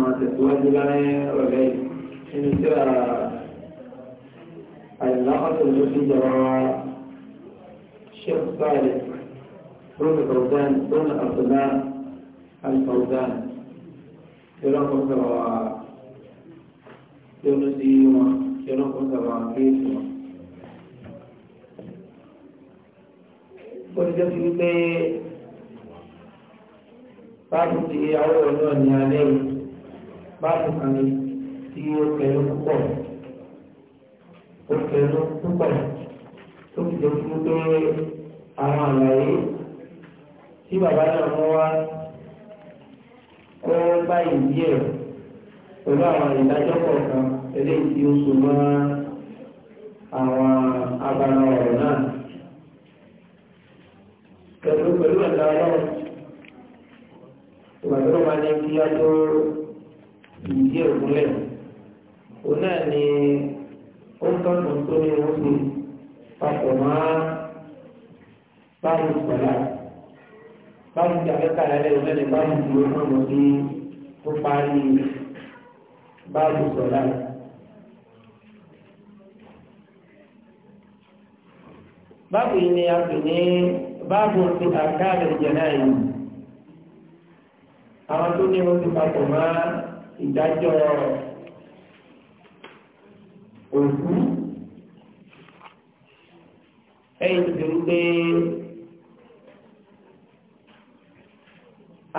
máa tẹ̀síwájú láyé ọ̀rẹ́ nínú tí a àìláfàtọ̀ ló fi jọra sheikh sáré rúnà fọ̀dán rúnà àfọ̀dá alfọ̀dán tí wọ́n kọ́ sọ̀rọ̀ wá tí wọ́n ti wọn tí wọ́n kọ́ sọ̀rọ̀ wá ó ti sí wípé báàbù ti àwọn ọ̀nà ní alẹ́ yìí báàbù kan ní tí ó kẹnu púpọ̀ ó kẹnu púpọ̀ tó fi jẹ́ fún pé àwọn àlàyé tí bàbá náà mú wá kó báyìí díẹ̀ pẹ̀lú àwọn ìdájọ́ kọ̀ọ̀kan eléyìí tí ó so mọ́ àwọn abala ọ̀rọ̀ náà pẹ̀lú pẹ̀lú ẹ̀dá ọlọ́run ìgbàgbọ́ máa ní kí á tó ìdí ògúnlẹ̀ òun náà ni ó ń tọ́jú tó ní wọ́n ti papọ̀ mọ́ báyìí pẹ̀lá báyìí ti afẹ́ká lálẹ́ òun ni báyìí ti wọ́n mọ̀ sí ó parí báyìí sọ̀lá. báàbù yìí ni a pè ní báàbù ti àkáàlẹ̀ jẹ̀ yìí àwọn tó ní wọ́n ti papọ̀ mọ́ ìdájọ́ òkú ẹ̀yìn tó ti gbé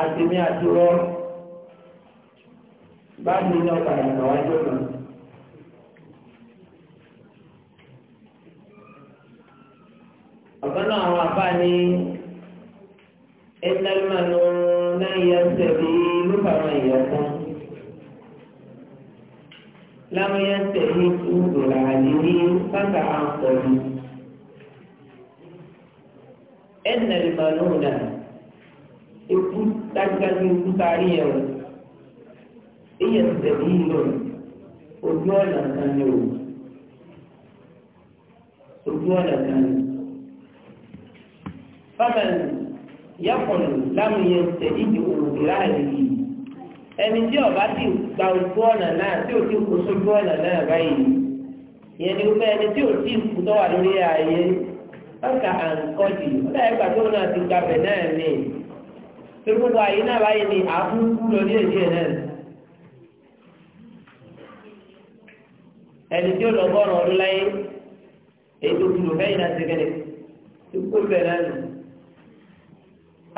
àtìmí àtúrọ́ bá mi ní ọ̀kadà ìgbàwájú náà. ọ̀kan náà àwọn àbá ní ẹ̀ńdálímà ló ń náà yẹ ń tẹ̀lé ló bá wọn ìyẹn fún láwọn yẹn tẹ̀lé ìdòrà àdìrí pátá àǹkọ̀lù. ẹnna ìmọ̀lú náà ikú dájúdájú ikú tarí ẹ̀ o èyí ẹ̀ tẹ̀lé ìlò ojú ọ̀nà kan ni o ojú ọ̀nà kan ni. fáwọn yàpọ̀ láwọn yẹn tẹ̀lé ìdòrà àdìrí ẹni tí ọba ti gba ojú ọ̀nà náà tí ò ti kó sójú ọ̀nà náà báyìí ìyẹn ni wípé ẹni tí ò ti kú tọ́wà lórí ààyè ọ̀kà àǹkọ́jì ọ̀dà ẹgbà tó náà ti gbàbẹ̀ náà ní torí gbogbo ààyè náà báyìí ni àbúrú lọ ní èdè náà. ẹni tí ó lọ bọ́ọ̀rọ̀ ọdún láyé èyí tó fẹ́yìn náà ti kẹ́lẹ̀ tó kó bẹ̀rẹ̀ náà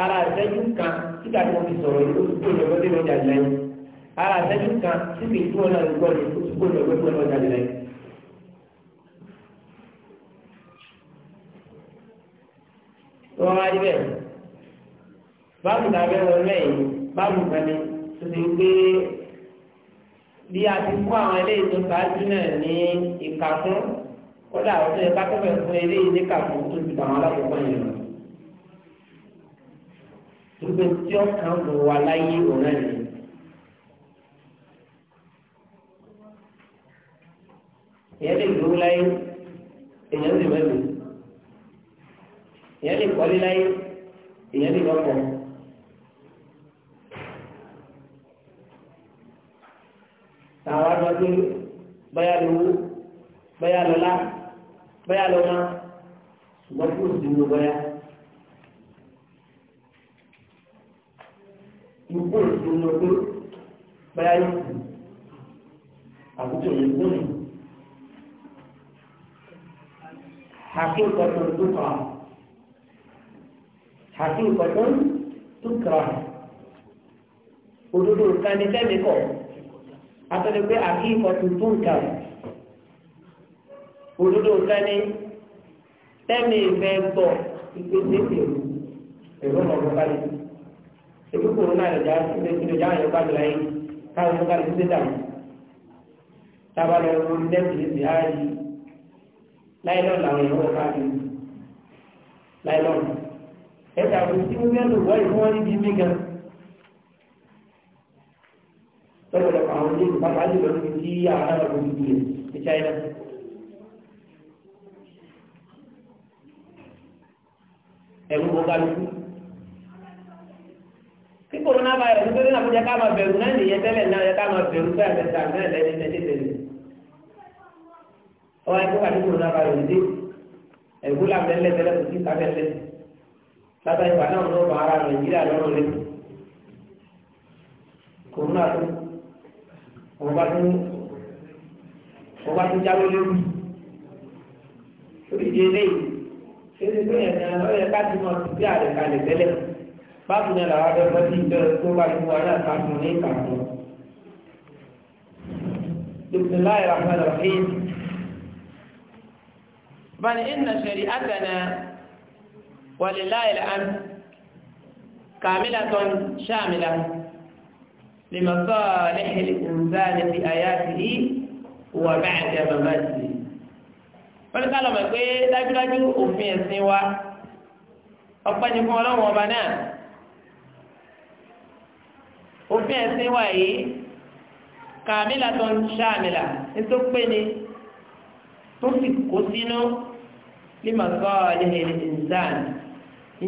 ara àtẹ́jú kan síta tí wọ́n ti sọ̀rọ̀ yìí ó ti kó lọ́gbọ́n tí wọ́n jáde lẹ́yìn ara àtẹ́jú kan síbi tí wọ́n náà gbọ́ ni ó ti kó lọ́gbọ́n tí wọ́n jáde lẹ́yìn. wọ́n wá níbẹ̀ báàbù tàbí ẹ̀rọ lẹ́yìn báàbù kan ni tó ti gbé bí a ti kó àwọn eléyìí tó ṣáájú náà ní ìka fún kódà ó tó yẹ ká tó fẹ́ fún eléyìí ní kàfún tó ti tàwọn alákòókò yẹn lọ gbogbo tí ó kàn lò wá láyé òun náà nìyí. ìyẹn lè lówó láyé èèyàn lè mẹ́lò ìyẹn lè kọ́lé láyé èèyàn lè lọ́kọ̀. àwọn àgbàdo báyà lówó báyà lọ́lá báyà lọ́mọ ṣùgbọ́n kúrò sí gbogbo báyà. fóònù tó ń lọ pé báyà yóò kù àkókò yẹn fóònù. حقيقة تكره حقيقة تكره òdodo kan ní fẹ́mi kọ̀ atọ́jú pé àkíkọ̀ tuntun kà òdodo kan ní fẹ́mi fẹ́ gbọ́ ìgbésẹ̀ èrò èrò ọ̀gbọ́n báyìí ṣèkú kòrò náà lè já lè já àyè bá gbìlá yìí káwọn tó kárí títí dàmú tába lọ wọ nẹ́ẹ̀tì ti á yí láì náà làwọn èèyàn wọ́n káàkiri láì náà ẹ̀ka kò sí wọ́n mẹ́lò wọ́n ìfún wọn níbi mí gan lọ́pọ̀lọpọ̀ àwọn ilé ìpapá lè lọ sí tí àwọn ará kò ti gbìyànjú ní China. ẹ̀rú wọn kálukú corona virus tó ní àbújá ká máa bẹ̀rù náà nìyẹn tẹ́lẹ̀ náà yẹ ká máa bẹ̀rù pé àbẹ̀tà náà lẹ́ni tẹ́lẹ̀ tẹ́lẹ̀ ọwọ́ ẹ̀kọ́ wà ní corona virus dé ẹ̀kú làbẹ́lẹ̀ tẹ́lẹ̀ kò sí sábẹ́lẹ̀ sábà ìgbà náà ló bá ara nàìjíríà lọ́rùn lé corona tó wọ́n bá tún wọ́n bá tún jáwé lórí oríṣi eléyìí ṣé ti gbé yẹn náà lọ́yẹ ká ti mọ̀ sí àrẹ̀kalẹ̀ tẹ́lẹ̀ báàbù náà làwọn abẹ́fẹ́ sí ìbẹ̀rẹ̀ tó bá ìwọ náà kàtó ní kàtó. bisimilahi rahman rahim bani inna shari'atana walilahi alhamd kamilatun shamila لمصالح الإنسان في آياته وبعد مماته wọ́n ká lọ́mọ̀ pé dájúdájú òfin ẹ̀sìn wa ọpẹ́ ni fún ọlọ́run ọba náà òfin ẹ̀sìn wa yìí kàmílà tó ń ṣàmìlà nítorí pé ni tó sì kó sínú límọ̀sọ́ ìhìn ìzán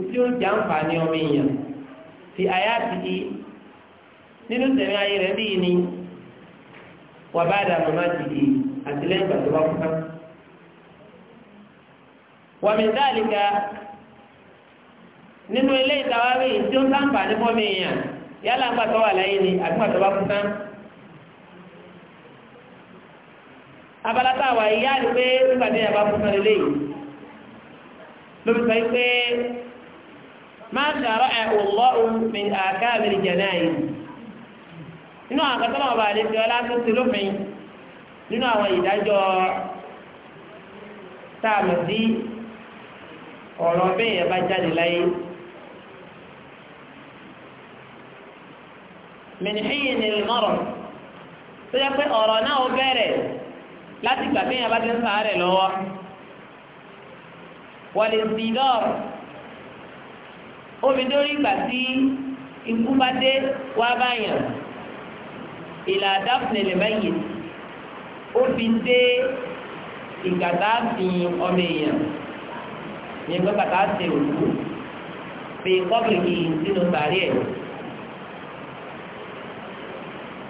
tí ó jà ń fà ní ọmọ èèyàn fi àyà ti di nínú tẹ̀mí ayé rẹ̀ bí ni wà bá dà mọ́má ti di àtìlẹ́yìn ìgbà bá kú tán. wà mí dáàlì ga nínú ilé ìtawárí tí ó sáǹfà ní fọ́mọ èèyàn yálà ń gbàtọ́ wà láyé ni àgbàtọ́ bá kú tán abala tá a wà yíyá rí pé nígbà tí yàrá bá kú tán lélẹ́yìí lóbi sọ pé máa ń sàrọ̀ ẹ̀ ọlọ́run mi àkáàbìrì jẹ̀ náà nínú àwọn akẹ́kọ̀ọ́ náà bá lè ọlá tó ti lófin nínú àwọn ìdájọ́ tá a mọ̀ sí ọ̀rọ̀ bẹ́ẹ̀ yẹn bá jáde láyé. mìnìhìyìn ní ìmọ̀rọ̀ tó yẹ pé ọ̀rọ̀ náà ó bẹ̀rẹ̀ láti gbà téèyàn bá ti ń sàárẹ̀ lọ́wọ́ wọlé sídọ̀ omi dórí ìgbà tí ikú bá dé wá báyàn ìlà dáfnẹ̀ lè báyìí ó fi dé ìgbà fi ọmọ èèyàn ní ẹgbẹ́ bàtà òkú fi kọ́bìrì sínú sàárẹ̀ ẹ̀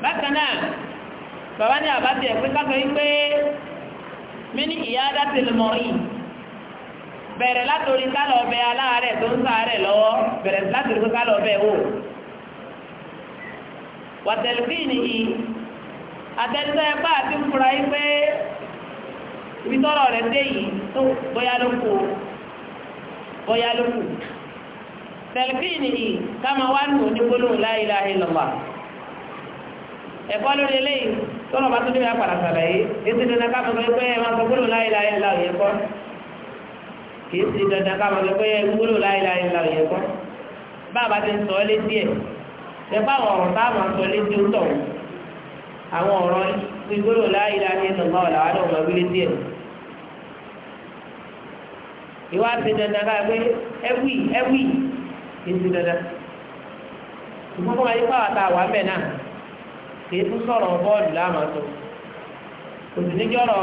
bákan náà bàbá ní àbájẹ pé kákan yí pé mí ní ìyá adáṣe lè mọ yìí bẹ̀rẹ̀ látòrí kálọ̀ ọbẹ̀ aláàárẹ̀ tó ń sàárẹ̀ lọ́wọ́ bẹ̀rẹ̀ látòrí kálọ̀ ọbẹ̀ wò wàtẹ̀lùfíìnì yìí àtẹ̀tẹ̀ bá àti fúra yí pé ibi rẹ̀ dé yìí tó bóyá ló kù bóyá ló kù tẹ̀lùfíìnì yìí ká máa wá nù ní gbólóhùn la ilaha ẹ̀kọ́ lórí eléyìí tọ́nà bá tún ní ìyá padà sàlàyé èsì dandan ká mọ̀ pé ẹ máa sọ gbólò láìláyé ńlá òye kọ́ kìí sì dandan ká mọ̀ pé ẹ gbólò láìláyé ńlá òye kọ́ bá a bá ti sọ ọ́ létí ẹ̀ ẹ̀fọ́ àwọn ọ̀rọ̀ tá a máa sọ létí ó tọ̀ àwọn ọ̀rọ̀ pé gbólò láìláyé ńlá ọ̀làwà náà máa wí létí ẹ̀ ìwà ti dandan ká pé ẹwì ẹwì èsì dandan kìí tún sọ̀rọ̀ bọ́ọ̀lù láàmà tó kò sì níjọ́rọ̀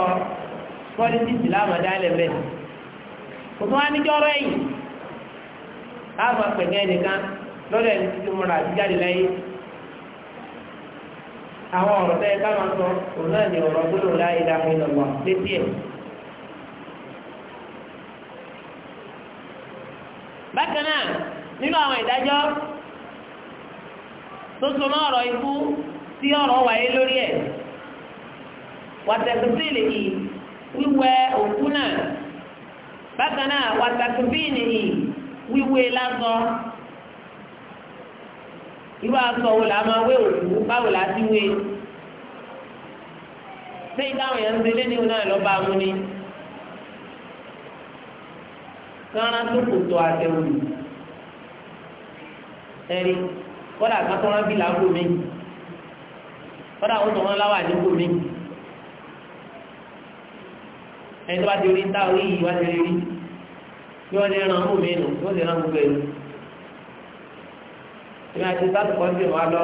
pọ́lítíìsì láàmà dálẹ̀ bẹ́ẹ̀ kò tún wá níjọ́rọ̀ ẹ̀yìn láàmà pẹ̀lú ẹnìkan lọ́dọ̀ ẹni títí múra àtijáde láyé àwọn ọ̀rọ̀ tẹ́ káwọn sọ òun náà ní ọ̀rọ̀ gbọ́dọ̀ láyé dáhùn ìlọ̀wọ̀ létí ẹ̀. bákan náà nínú àwọn ìdájọ́ tó so mọ́ ọ̀rọ̀ ikú tí ọ̀rọ̀ wáyé lórí ẹ̀ wàtẹ̀kùsílì yìí wíwẹ̀ òkú náà bákan náà wàtẹ̀kùsílì yìí wíwẹ̀ lásọ irú aṣọ wo làá máa wé òkú báwo làá ti wé ṣé ìdáhùn yẹn ń ṣe léni náà lọ́ba amú ni kárán tó kò tó àtẹ̀wò ẹ̀rí kọ́dà kan tó rán bí làákò méjì kọ́dà ó tó wọn láwà nípò mi ẹni tó bá ti rí tá orí yìí wá ti rí rí bí wọ́n ti ràn mú mi nù bí wọ́n ti ràn gbogbo ẹ̀rù èmi àti sáàtù kan sì wá lọ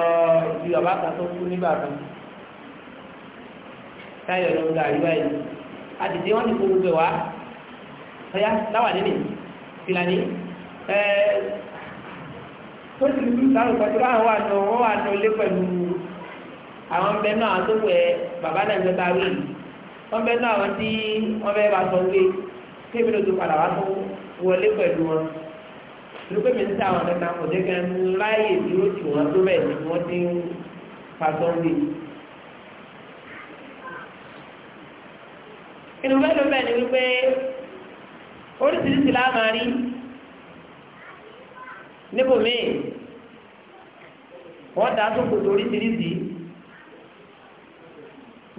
ibi bàbá kan tó kú nígbà kan táyọ̀ ló ń ga àríwá yìí àtìtì wọn ti kó gbogbo wa ọ̀yá láwà nínú ìlànà ẹ̀ẹ́ tó ti lù wà nù wọ́n wà nù lé pẹ̀lú àwọn bẹ náà tó wẹ bàbá náà ń bá wí wọn bẹ náà wọn tí wọn bẹ bá sọ pé kébí ló tó padà wá tó wọlé pẹ̀lú wọn lópé mi ń ta àwọn ọ̀dọ́ta kò jẹ́ kẹ́ ń láàyè dúró tì wọ́n tó bẹ̀ ni wọ́n ti ń fa sọ́ndé. inú bẹ́ẹ̀ ló bẹ́ẹ̀ ni wípé oríṣiríṣi láàmà rí níbòmíì wọ́n dá sókòtò oríṣiríṣi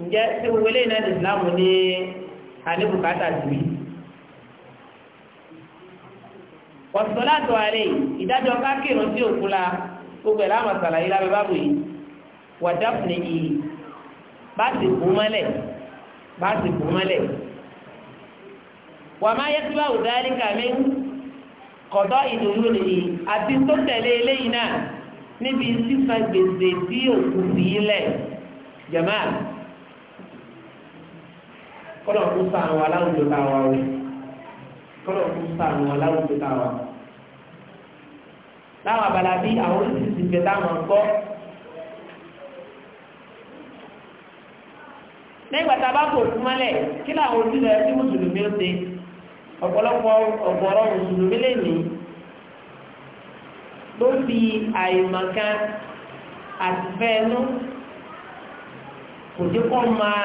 ǹjẹ́ tí gbogbo eléyìí náà ìsìláàmù ní àníbùkátà tìbí ọ̀sọ̀láàtọ̀ ààrẹ ìdájọ́ kákìrún sí òkú la gbogbo ẹ̀ láwọn sàlàyé lábẹ́ bábò yìí wàdápù ní iyì bá sì kú mọ́lẹ̀ bá sì kú mọ́lẹ̀ wà máa yẹ kí báwò dáálí kàmí kọ̀dọ̀ ìdòwú nìyí àti tó tẹ̀lé eléyìí náà níbi sísan gbèsè tí òkú fi yí lẹ̀ jẹ̀máà kọ́lọ̀ kó sànù wa láwùjọ tá a wà o kọ́lọ̀ kó sànù wa láwùjọ tá a wà. láwọn abala bí àwọn oríṣiríṣi ìgbẹ́ táwọn ń gbọ́. nígbà tá a bá kò fún mọ́lẹ̀ kí làwọn ojúlọ ẹbí mùsùlùmí ó ṣe ọ̀pọ̀lọpọ̀ ọ̀gọ̀rọ̀ mùsùlùmí lè ló fi àìmọ̀kan àtìfẹ́ ẹnu kò dé kọ́ máa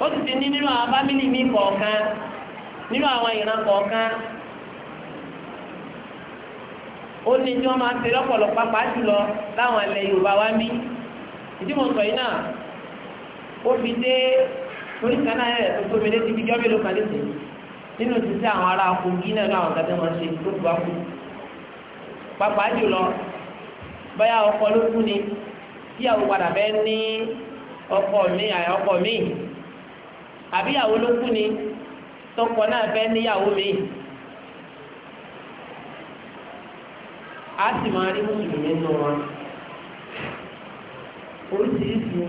ó sì ti ní nínú àwọn fámìlì mi kọ̀ọ̀kan nínú àwọn ìran kọ̀ọ̀kan ó ní tí wọ́n máa ń ṣe lọ́pọ̀lọpọ̀ pàápàá jùlọ láwọn ilẹ̀ Yorùbá wa mí ìdí mò sọ yìí náà ó fi dé lórí kan náà ẹ̀ tó tóbi létí bí gẹ́gẹ́ ló kàdé sí nínú títí àwọn ará Kogi náà láwọn kan tó máa ṣe ọkọ ló kú ni padà ọkọ mi àbíyàwó ló kú ni tọkọ náà fẹ́ níyàwó mi a sì máa rí mùsùlùmí nù wọn oríṣiríṣi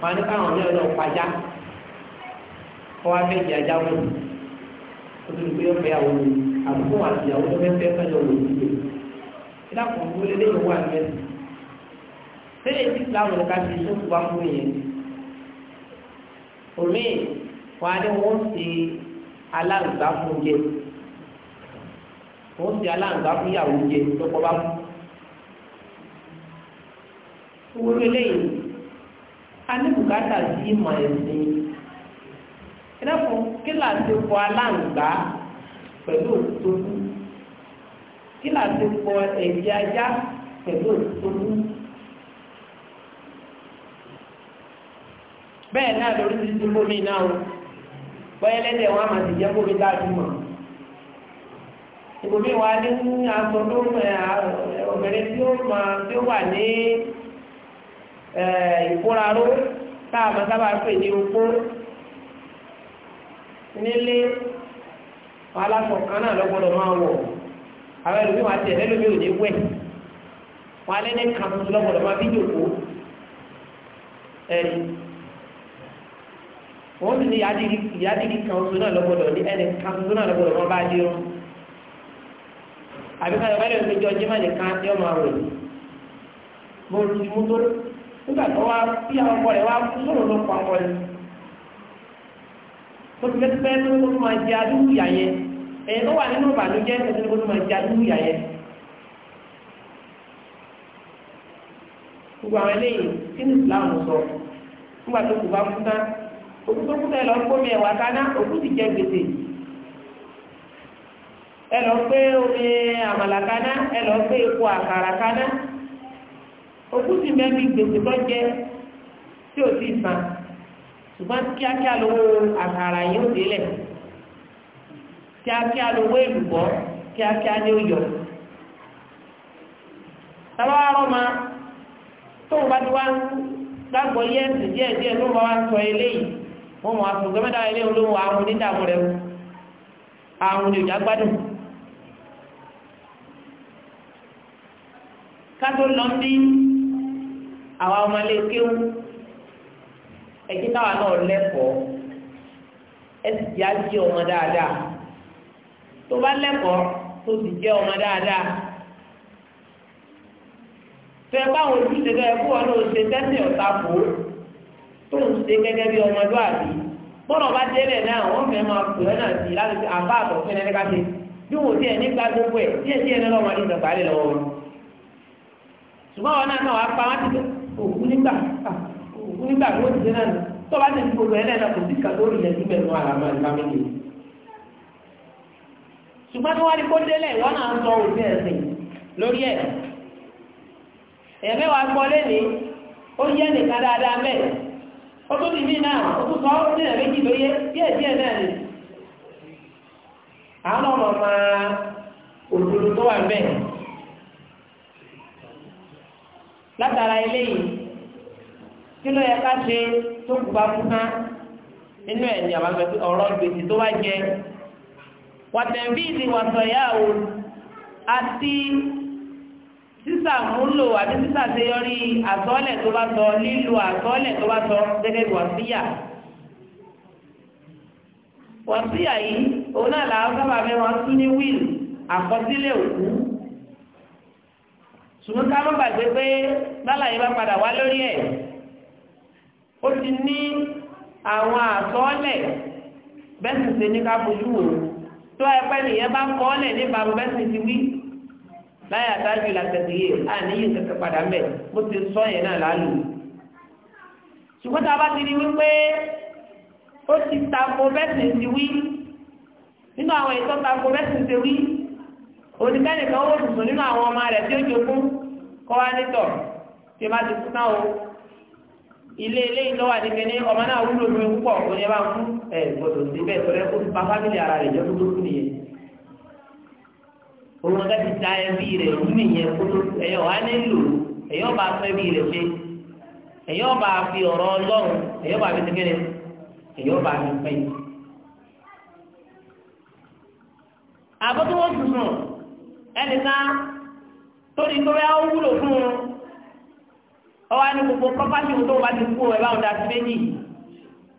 wọn ní káwọn ní ọlọ́ọ̀ pàjá kọ́ wá fẹ́ jẹ ajá wọn o tún gbé ọ̀fẹ́ àwọn olùkọ́ àbúkọ́ àti ìyàwó tó fẹ́ fẹ́ fẹ́ lọ́wọ́ ìdílé ìdáàbò ìwọlé lẹ́yìn wà ní ẹ̀sìn tẹ́lẹ̀ tí ká ti sókùwá fún yẹn omi wàá ní wọ́n ṣe aláǹgbá fún jẹ wọ́n ṣe aláǹgbá fún ìyàwó jẹ lọ́kọ́ bá kú. wúrú eléyìí a ní bùkátà sí ìmọ̀ ẹ̀sìn ẹ̀dẹ́kun kí là ti fọ aláǹgbá pẹ̀lú òtútù kí fọ ẹ̀jẹ̀ ajá pẹ̀lú òtútù. bẹ́ẹ̀ náà lórí ti ti bómi náà o bọ́yẹ́ lẹ́dẹ̀ wọn àmà ti jẹ́ bómi tá a ti mọ̀ ìbòmí wa ní aṣọ tó obìnrin tí ó máa tí ó wà ní ìkóraró tá a máa sábà pè ní opó nílé wọn aláṣọ kan náà lọ́gbọ́dọ̀ máa wọ̀ àwọn ẹlòmíì wọn àti ẹlòmíì ò ní wẹ̀ wọn alẹ́ ní kan lọ́gbọ́dọ̀ máa fi jòkó ẹ̀rí wọ́n sì ní ìyádìí kan oṣù náà lọ́gbọ́dọ̀ ní ẹni kan oṣù náà lọ́gbọ́dọ̀ wọ́n bá dé wọn àbíká yọ bẹ́ẹ̀ lóṣèjọ jimá nìkan tí ọmọ àwẹ̀ mo rú ju mú tó nígbà tó wá bí àwọn ọkọ rẹ̀ wá sọ̀rọ̀ ló pa ọkọ rẹ̀ mo ti fẹ́ fẹ́ tó kó tó máa jẹ adúgbò ìyá yẹn ẹ̀yìn tó wà nínú ìbànújẹ́ ẹ̀sìn kó tó máa jẹ adúgbò ìyá yẹn gbogbo àwọn eléyìí kí ni òkú tó kú tẹ́ lọ gbómi ẹ̀wà kaná òkú ti jẹ gbèsè ẹ lọ gbé omi àmàlà kaná ẹ lọ gbé epo àkàrà kaná òkú ti mẹ́bi gbèsè tó jẹ tí ò sí san ṣùgbọ́n kíákíá lówó àkàrà yìí ó délẹ̀ kíákíá lówó èlùbọ́ kíákíá ni ó yọ tàbá rọ́ ma tóun bá ti wá gbàgbọ́ yẹ́sì díẹ̀díẹ̀ ló bá wá sọ eléyìí wọ́n mọ̀ àfún gọ́mẹ́ta ilé olóhùn àrùn nídàmú rẹ̀ àrùn ní ìjà gbádùn kátó lọ ń bí àwa ọmọ ilé kéwú ẹ̀jí táwa náà lẹ́kọ̀ọ́ ẹ sì jẹ́ àjí ọmọ dáadáa tó bá lẹ́kọ̀ọ́ tó sì jẹ́ ọmọ dáadáa tó ẹ báwọn ojúṣe tó ẹ kú ọ náà ṣe tẹ́sí ọ̀tá fòó tó ń ṣe gẹ́gẹ́ bí ọmọlúwàbí bọ́lọ̀ bá délẹ̀ náà wọ́n fẹ́ máa pè ọ́ náà sí láti fi àbá àtọ̀ fún ẹni ká ṣe bí wò sí ẹ̀ nígbà gbogbo ẹ̀ díẹ̀ díẹ̀ ní ọmọ ní ìjọba rẹ̀ lọ́wọ́ wọn. ṣùgbọ́n wọn náà wàá pa wọn ti òkú nígbà òkú nígbà tó ti dé náà nù tó bá ti di gbogbo ẹ̀ náà kò sí kà lórí ilẹ̀ síbẹ̀ nù àlàmọ́ ìfàmìlì. ṣùgbọ́n tí wọ́n ti kó délẹ̀ wọ́n náà ń sọ òfin ẹ̀sìn lórí ẹ̀ ẹ̀mẹ́wàá gbọ́ lé ó tó nìmí náà ó tó sọ ọ́ ní ẹ̀rẹ́ jì lóye díẹ̀ díẹ̀ náà ni àwọn ọmọ máa òdodo tó wà bẹ́ẹ̀ látara eléyìí kí ló yẹ ká ṣe tó kù bá fún hàn nínú ẹ̀ ní àbáfẹ́ ọ̀rọ̀ gbèsè tó wá jẹ wàtẹ̀ǹbíìsì wàtọ̀yà o àti sísà múlò àbí sísà ṣe yọrí àtọ́lẹ̀ tó bá tọ́ lílo àtọ́lẹ̀ tó bá tọ́ gẹ́gẹ́ bí wàsíyà wàsíyà yìí òun náà làwọn sábà fẹ́ wọn tún ní wíìlì àkọsílẹ̀ òkú ṣùgbọ́n ká má gbàgbé pé lálàyé bá padà wá lórí ẹ̀ ó ti ní àwọn àtọ́lẹ̀ bẹ́sìn ṣe ní ká fojú wò tó ẹpẹ́ nìyẹn bá kọ́ọ́lẹ̀ nípa bẹ́sìn ti wí láyé àtàjù làtẹ̀sí yìí à níyì kẹkẹ padà mẹ́ bó ti sọ yẹn náà lálù. ṣùgbọ́n tá a bá ti rí wípé ó ti tako bẹ́sìn ti wí nínú àwọn ètò tako bẹ́sìn ti wí oníkẹ́nìkan ó dùn nínú àwọn ọmọ rẹ̀ tí ó jogún kọ́ wá nítọ̀ tí bá ti kú o ilé ilé ìlọ́ wà níbi ọmọ náà wúlò mi púpọ̀ òní bá ń fún ẹ gbọdọ̀ síbẹ̀ tó rẹ kó fi fámìlì ara rẹ̀ jẹ́ tó tó kú nìyẹn òun ká ti ta ẹbí rẹ̀ rú nìyẹn kó tó ẹ̀yọ́ wá nílò ẹ̀yọ́ bá fẹ́ bí rẹ̀ ṣe ẹ̀yọ́ bá fi ọ̀rọ̀ ọlọ́run ẹ̀yọ́ bá fi tẹ́kẹ́rẹ́ ẹ̀yọ́ bá fi pẹ́ yìí. àbótó wọn sùn sùn ẹnìkan torí torí àwọn wúlò fún un ọwọ́ ẹni gbogbo pọ́pátì tó wà ti kú ẹ bá wọn da sí méjì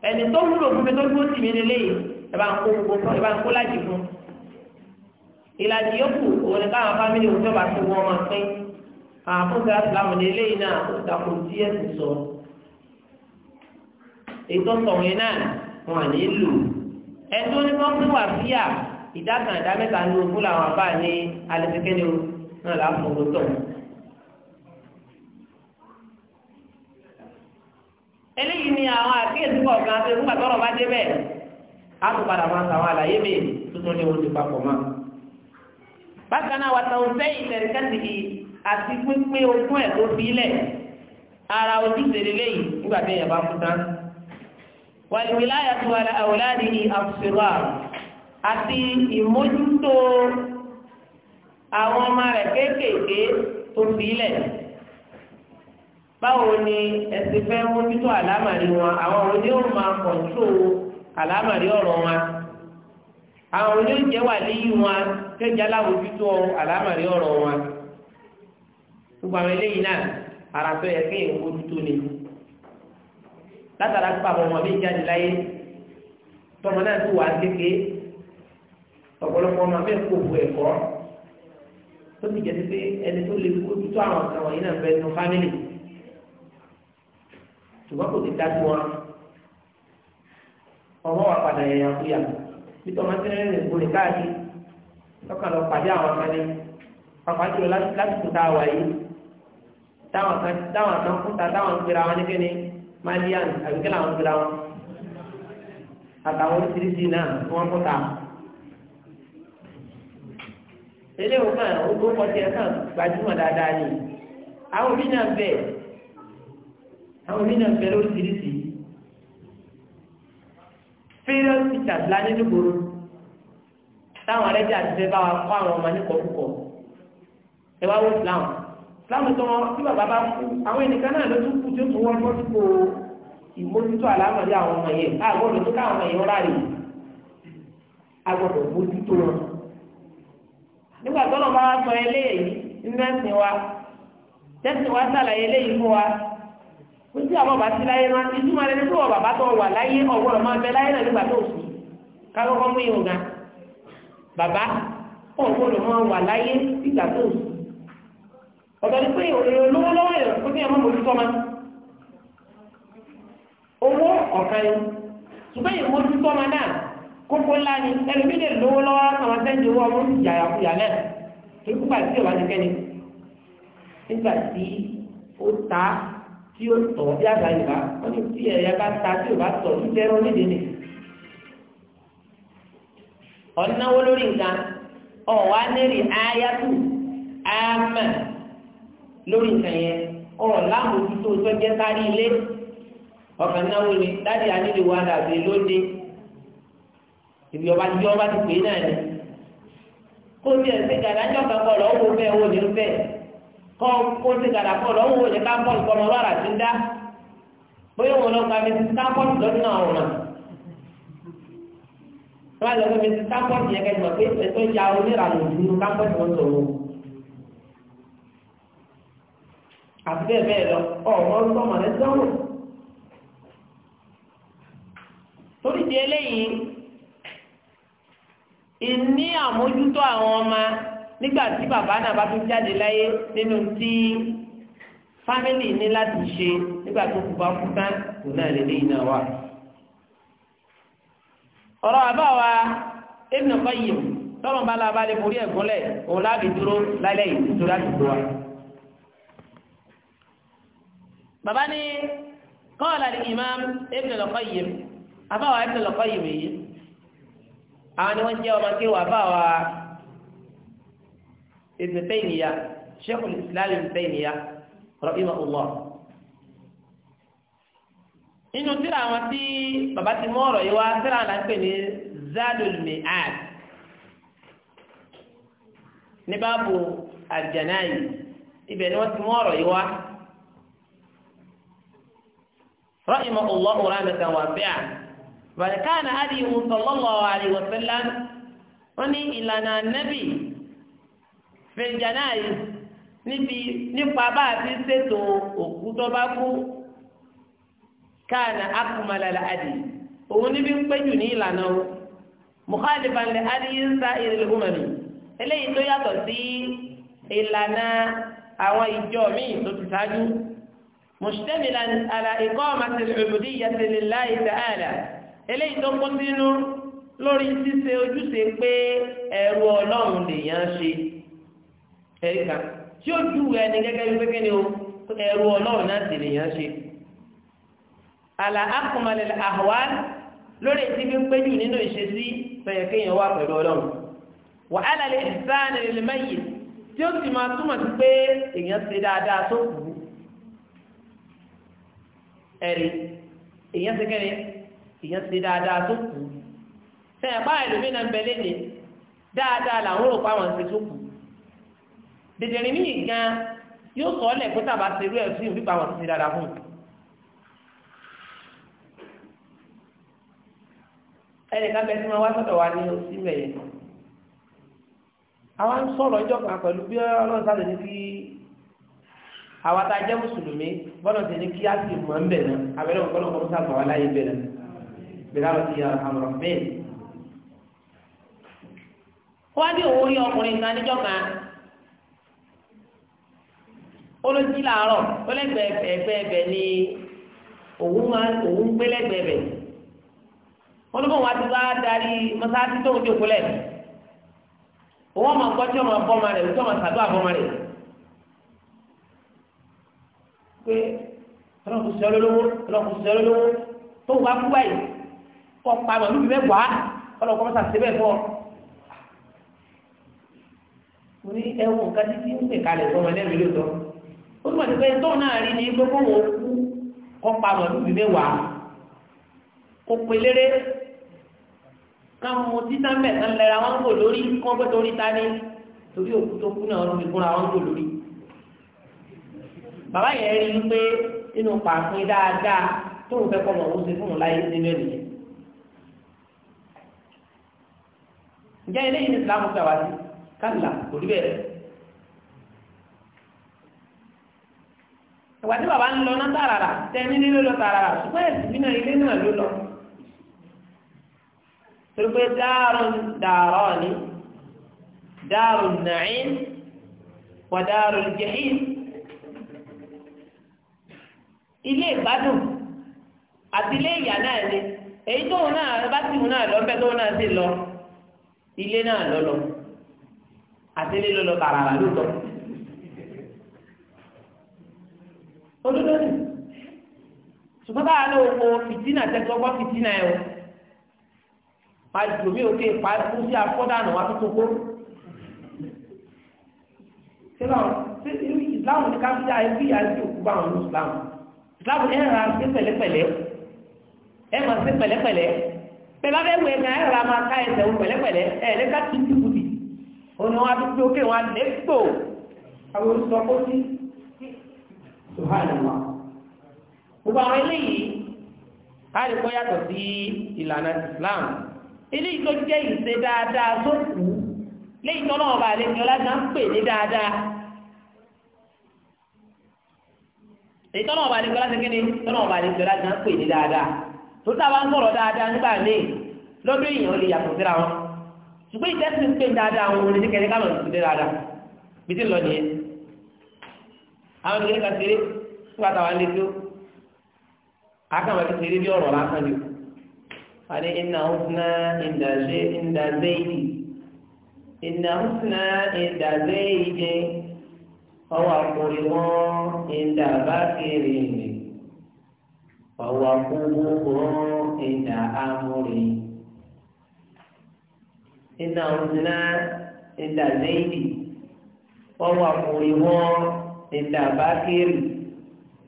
ẹni tó wúlò fún mi tó dúró tì mí lélẹ́yìn ẹ bá ń kó gbogbo ẹ bá ń kó láti fún un ìlàjì yòókù òun ni káwọn fámìlì òun jọba tó wọn máa pín àfúnṣe àtìlámù ní eléyìí náà ó takò tí ẹ̀sìn sọ ètò ọ̀tọ̀wìn náà wọn à ní lò ẹ̀tọ́ ní wọ́n fún wà fíyà ìdá kan ìdá mẹ́ta ní ogún làwọn àbá ní alẹ́sẹ̀kẹ́ni náà láàfọ̀ lọ́tọ̀ eléyìí ni àwọn àkíyèsí kọ̀ọ̀kan tó ń gbàtọ́rọ̀ bá débẹ̀ á tún padà máa sàwọn àlàyé mi tuntun ní oṣù papọ̀ máa bákan náà wàtà òfẹ́ ìtẹ̀rẹ̀kẹ́sìkì àti pínpín ogún ẹ̀ tó fi lẹ̀ ara ojúṣe lélẹ́yìn nígbà tí èèyàn bá kú tán wàlúwìlá yàtọ̀ àwòláàdì àfùsùwà àti ìmójútó àwọn ọmọ rẹ̀ kéékèèké tó fi lẹ̀ báwo ni ẹ̀sìn fẹ́ mójútó àlámàrí wọn àwọn òní ò máa kọ̀ńtró àlámàrí ọ̀rọ̀ wọn àwọn olóúnjẹ wà léyìn wọn tẹ́jà láwùjútó àlámàrí ọ̀rọ̀ wọn gbogbo àwọn eléyìí náà ara tó yẹ kéèyàn mójútó ni látara pípa àwọn ọmọ bíi jáde láyé tọmọ náà tó wà kéke ọ̀pọ̀lọpọ̀ ọmọ bẹ́ẹ̀ kó bu ẹ̀kọ́ tó ti jẹ́ pé ẹni tó lè mójútó àwọn ọ̀sán wọ̀nyí náà bẹ́ẹ̀ nu fámìlì ṣùgbọ́n kò ti dájú wọn ọmọ wa padà yẹ yàn kúyà nítorí wọn ti rẹ́ rìn ìgbòrè káàdì lọ́kàn lọ pàdé àwọn kan ní pàpà o láti kúta àwà yìí táwọn kan kúta táwọn ń pera wọn ní kíni malian àbíkẹ́ làwọn ń pera wọn àtàwọn oríṣiríṣi náà wọn kúta ilé òkan ogbó kọtí ẹ kàn gbajúmọ̀ dáadáa ni àwọn omi náà bẹ̀ àwọn omi náà bẹ̀ lóríṣiríṣi failure teachers la ní nígboro táwọn arẹ́jà ti bá kọ́ àwọn ọmọ nípọ̀kúpọ̀ ẹ wá wọ Islam Islam tó wọn tí bàbá bá kú àwọn ènìkan náà ló tún kú tí ó tún wọ́n bọ́ sípò ìmójútó àlámọ̀lé àwọn ọmọ yẹn àgbọ̀dọ̀ tó káwọn ọmọ yẹn kò sí àwọn bàbá sí láyé máa ìtumọ̀ rẹ̀ ní pé wọ́n bàbá tó wà láyé ọ̀wọ́ ọ̀ma bẹ láyé náà nígbà tó sì kálọ́kọ́ mú ìhùn gan bàbá ọ̀wọ́ ọ̀ma wà láyé nígbà tó sì ọ̀dọ̀ ni pé òrèrè olówó lọ́wọ́ yẹn kó ní ẹ̀mọ́ mo tọ́ ma owó ọ̀kan yẹn ṣùgbọ́n ìmọ̀ tó tọ́ ma náà kókó ńlá ni ẹlòmíì lè lówó lọ́wọ́ àwọn sẹ́ńdì owó ọmọ ti yàyà kuyà náà torí kúgbà tí ìwà tí ó tọ̀ bí àgbà yorùbá wọ́n ní tí ẹ̀yà bá ta tí yorùbá tọ̀ ní tẹ́rọ nídìí nì. ọ̀nàwó lórí nǹkan ọ̀wá nírì áyátù ámà lórí nǹkan yẹn ọ̀la òtútù tó jẹ́ kárí ilé ọ̀kan náwó ni dáàdi anílè wa dàbí lóde ìbí ọba tí ọba ti pè náà ni kó tiẹ̀ sí gàdájọ́ kankan lọ́wọ́ bẹ́ẹ̀ wò ní bẹ́ẹ̀ kọ́ kó ti kàdà pọ̀ lọ́wọ́ wo ni kápọ́ọ̀lù kọ́ ọmọ wàrà ti ń dá bóyá wọn lọ gba mrs kápọ́ọ̀lù lọ́dún náà wọn wọn á lọ gba mrs kápọ́ọ̀lù yẹn kẹ́kẹ́ mọ̀ pé ètò ìjà onírànà òdùnnú kápọ́ọ̀lù wọn sọ̀rọ̀ àti bẹ́ẹ̀ bẹ́ẹ̀ lọ ọ̀rọ̀ ọ̀sọ́mọ̀ rẹ̀ sọ́wọ́ torí di eléyìí ìní àmójútó àwọn ọmọ nígbà tí bàbá náà bá tún jáde láyé nínú tí fámìlì ní láti ṣe nígbà tó kù bá kú tán kò náà lélẹ́yìn náà wà. ọ̀rọ̀ àbá wa Ibn Qayyim tọ́lọ̀ bá la balẹ̀ borí ẹ̀gúnlẹ̀ òun láàbì dúró lálẹ́ yìí tó láti tó wa. bàbá ní qala al-imam Ibn Qayyim àbá wa Ibn Qayyim yìí àwọn ni wọ́n jẹ́ ọmọ kéwàá bá wa. ابن تيمية شيخ الإسلام ابن تيمية رحمه الله inú tíra àwọn tí bàbá ti mú ọ̀rọ̀ yìí wá tíra là ń pè ní zadul mi'ad ní báàbù àjànáyì ibẹ̀ ni wọ́n ti mú ọ̀rọ̀ yìí wá rahimahu allah rahmatan wasi'a bàtà káàna adi musallallahu alayhi wa sallam wọ́n ní ìlànà nabi fìjànà yìí níbi nípa bá a ti ṣètò òkú tó bá kú káàna akumalala adi òun níbi ń péjú ní ìlànà o mukhalifan li adi ń sa ìrìlẹ̀ umami eléyìí tó yàtọ̀ sí ìlànà àwọn ìjọ míì tó ti ṣáájú mùsùlùmílan àlà iqamatil ubudiyyati lillahi ta'ala eléyìí tó kún sínú lórí ṣíṣe ojúṣe pé ẹrù ọlọ́run lèèyàn ṣe ẹ̀ka tí ó ju ẹni gẹ́gẹ́ bí pékin ni o ẹrú ọlọ́run náà sì lèèyàn ṣe. àlà akùnmalẹ̀ àhùwá lórí ti fi ń péjú nínú ìṣesí fẹ̀yẹ̀ kéèyàn wà pẹ̀lú ọlọ́run. wàhálà lè sáànì lè mẹ́yìn tí ó sì máa túmọ̀ sí pé èèyàn ṣe dáadáa tó kù. ẹ̀rí èèyàn ṣe kẹ́rin èèyàn ṣe dáadáa tó kù. sẹ́yìn báyìí lómìnà dáadáa làwọn ò pa àwọn tó kù. dèdèrè mí gan yóò sọ ọ́ lẹ̀ pé tàbá ẹ̀ sí wọn ti dára fún un. ẹnìkan bẹ tí wọn wá sọ́dọ̀ wa ní sí mẹyẹ ń sọ̀rọ̀ ọjọ́ kan pẹ̀lú bí Ọlọ́run sáré ní kí mùsùlùmí tẹ ní kí á sì mọ ń bẹ náà abẹrẹ olóṣì làárọ̀ ọlẹ́gbẹ̀ẹ́fẹ́ẹ́fẹ́ ni òun máa òun gbé lẹ́gbẹ̀ẹ́fẹ́ olùkọ́ wa ti bá darí mọ́sáàtì tó ń jókòó lẹ̀ òun ọmọ nǹkan tí ọmọ bọ́ ọmọ rẹ̀ tí ọmọ sàdó àbọ̀ ọmọ rẹ̀ pé ọlọ́kù sọ lólówó ọlọ́kù sọ lólówó tó wà kú báyìí kọ́ pa màmú bíi mẹ́wàá ọlọ́kù ọmọ sàṣẹ bẹ́ẹ̀ fọ́ mo ní ẹ̀wọ̀n nǹkan títí ń pè kalẹ̀ fún ọmọ lẹ́rìí lóòótọ́ ó túnbọ̀ sí pé tóun náà rí ní gbogbo wọn kú kọ́ pa mọ̀lú bí mẹ́wàá kó pelére káwọn mo títà mẹ́ta lẹ́ra wọn kò lórí kí wọ́n pẹ́ torí ta ní torí òkú tó kú náà lórí fúnra wọn kò lórí bàbá yẹn rí i pé nínú pàápín dáadáa tóun fẹ́ kọ́ mọ̀ ó ṣe fún un láyé nínú ẹ̀ ǹjẹ́ eléyìí ní Islam gbà wá sí kálá kò rí bẹ́ẹ̀ ìgbà tí bàbá ń lọ ná tààràrà tẹ́ni nílé lọ tààràrà ṣùgbọ́n ẹ̀sìn nínú ilé náà ló lọ. torí pé dáàrún dàárọ̀ ni dáàrún nàín wà dáàrún jẹ̀hìn ilé ìgbádùn àti ilé ìyà náà ni èyí tóun náà bá tìmù náà lọ bẹ́ẹ̀ tóun náà sì lọ ilé náà lọ lọ àti ilé lọ lọ tààràrà lóòótọ́. olódó ni ṣùgbọ́n báwa ló wo fìtínà tẹ́tọ́gbọ́ fìtínà ẹ̀ o pàdùmí òkè pàdùmí sí afọ́dànù wa tó kókó síláwọ̀ ìsìláwọ̀ ní káfíńtà ẹbí àti òkú bá wọn ní Islam, Islam ẹ̀ ra sí pẹ̀lẹ́pẹ̀lẹ́ ẹ̀ máa sí pẹ̀lẹ́pẹ̀lẹ́ pẹ̀lú abẹ́wò ẹ̀ka ẹ̀ ra máa ká ẹsẹ̀ wọn pẹ̀lẹ́pẹ̀lẹ́ ẹ̀ lẹ́ka tìǹtìkùtì òun ni wọn á fi gbé òkè wọn á lé gbò àwọn olùsọ̀kọ́ sí subhanallah gbogbo àwọn eléyìí a lè kọ́ yàtọ̀ sí ìlànà islam eléyìí tó jẹ́ ìṣe dáadáa sókùú léyìí tọ́lọ́ ọba pè ní dáadáa èyí ọba àlejò ọlájà kíni pè ní dáadáa tó táwa ń sọ̀rọ̀ dáadáa nígbà míì èèyàn lè yàtọ̀ síra wọn ṣùgbọ́n ìtẹ́sí ń ní àwọn ìdílé kan ṣeré fún àtàwọn alẹ́ tó akama ti ṣeré bí ọ̀rọ̀ lásán ni wọ́n ní iná húsná ìdàzé ìdàzé yìí iná húsná ìdàzé yìí jẹ́ ọwọ́ wọn ìta bákírì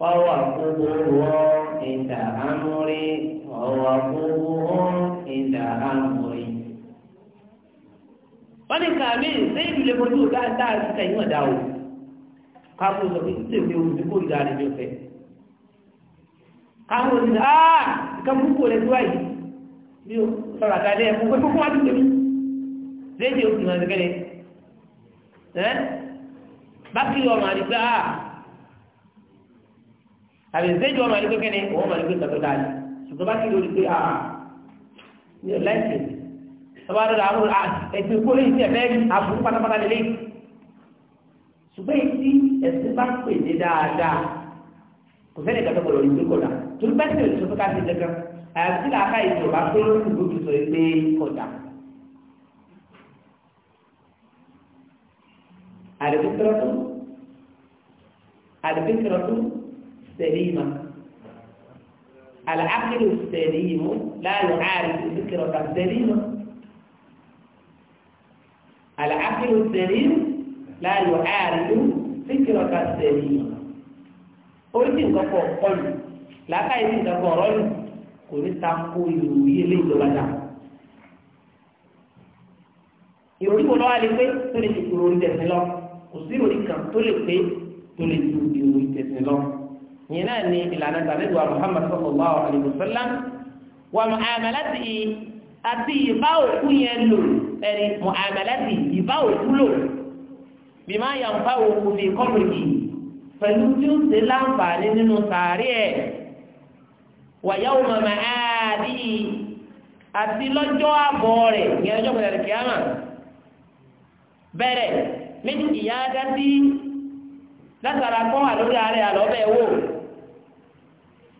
ọwọ́ àkókò ìta amúrí ọwọ́ àkókò ìta amúrí. wọ́n ní kàmí sẹ́yìn ìlú lẹ́kọ̀ọ́ tó dáadáa sí ẹ̀yìn ọ̀dà o káàkó sọ pé tèmi ò kó ìdá rẹ̀ bí ọ̀fẹ́. káàkó sọ pé ah rẹ̀ tó wáyé bí o sọ̀rọ̀ àtàlẹ́ ẹ̀kọ́ pé kókó wá ti tèmi. lẹ́yìn òkú náà ti kẹ́lẹ́ bákìrì ọmọ àdìgbà ah. àbí zéjì ọmọ àdìgbà kẹ́ni òun ọmọ àdìgbà kàtó dáa ṣùgbọ́n bákìrì olùgbé à ní ọ̀láìsì ọba àdúrà àrùn ẹ̀sìn kólé ìsìn ẹ̀fẹ́ àbúrú pátápátá lélẹ̀ ṣùgbọ́n ìsì ẹ̀sìn bá pè ní dáadáa kò sẹ́ni ìgbà tó kọ̀ lórí ìgbékọ̀ náà torí bẹ́ẹ̀ sì الفكرة الفكرة سليمة العقل السليم لا يعارض فكرة سليمة العقل السليم لا يعارض فكرة سليمة oríṣi nǹkan kan kọlù látàrí ní nǹkan kan rọlù kò ní ta kó ìròyìn ilé ìjọba dà ìròyìn wo lọ́wọ́ alẹ́ pé tó lè fi kúrò ní tẹ̀sán lọ́wọ́ kò sí ìròyìn kan tó lè pé tó lè ju ìwò ìtẹ̀sìn lọ. ìyẹn náà ni ìlànà tàbíwá Muhammad sallallahu alayhi wa sallam wà mọ àmàlàtì àti ìbá òkú yẹn lò ẹni mọ àmàlàtì ìbá òkú lò bí máa yàn fá òkú fi kọ́mùrì pẹ̀lú tí ó ṣe láǹfààní nínú sàárì ẹ̀ wàyà òmà máa rí àti lọ́jọ́ àbọ̀ rẹ̀ ìyẹn lọ́jọ́ pẹ̀lú àdìkíyàmà bẹ̀rẹ̀ méjì ìyá dá sí látara kọ́ àlórí ààrẹ àlọ́bẹ̀ wò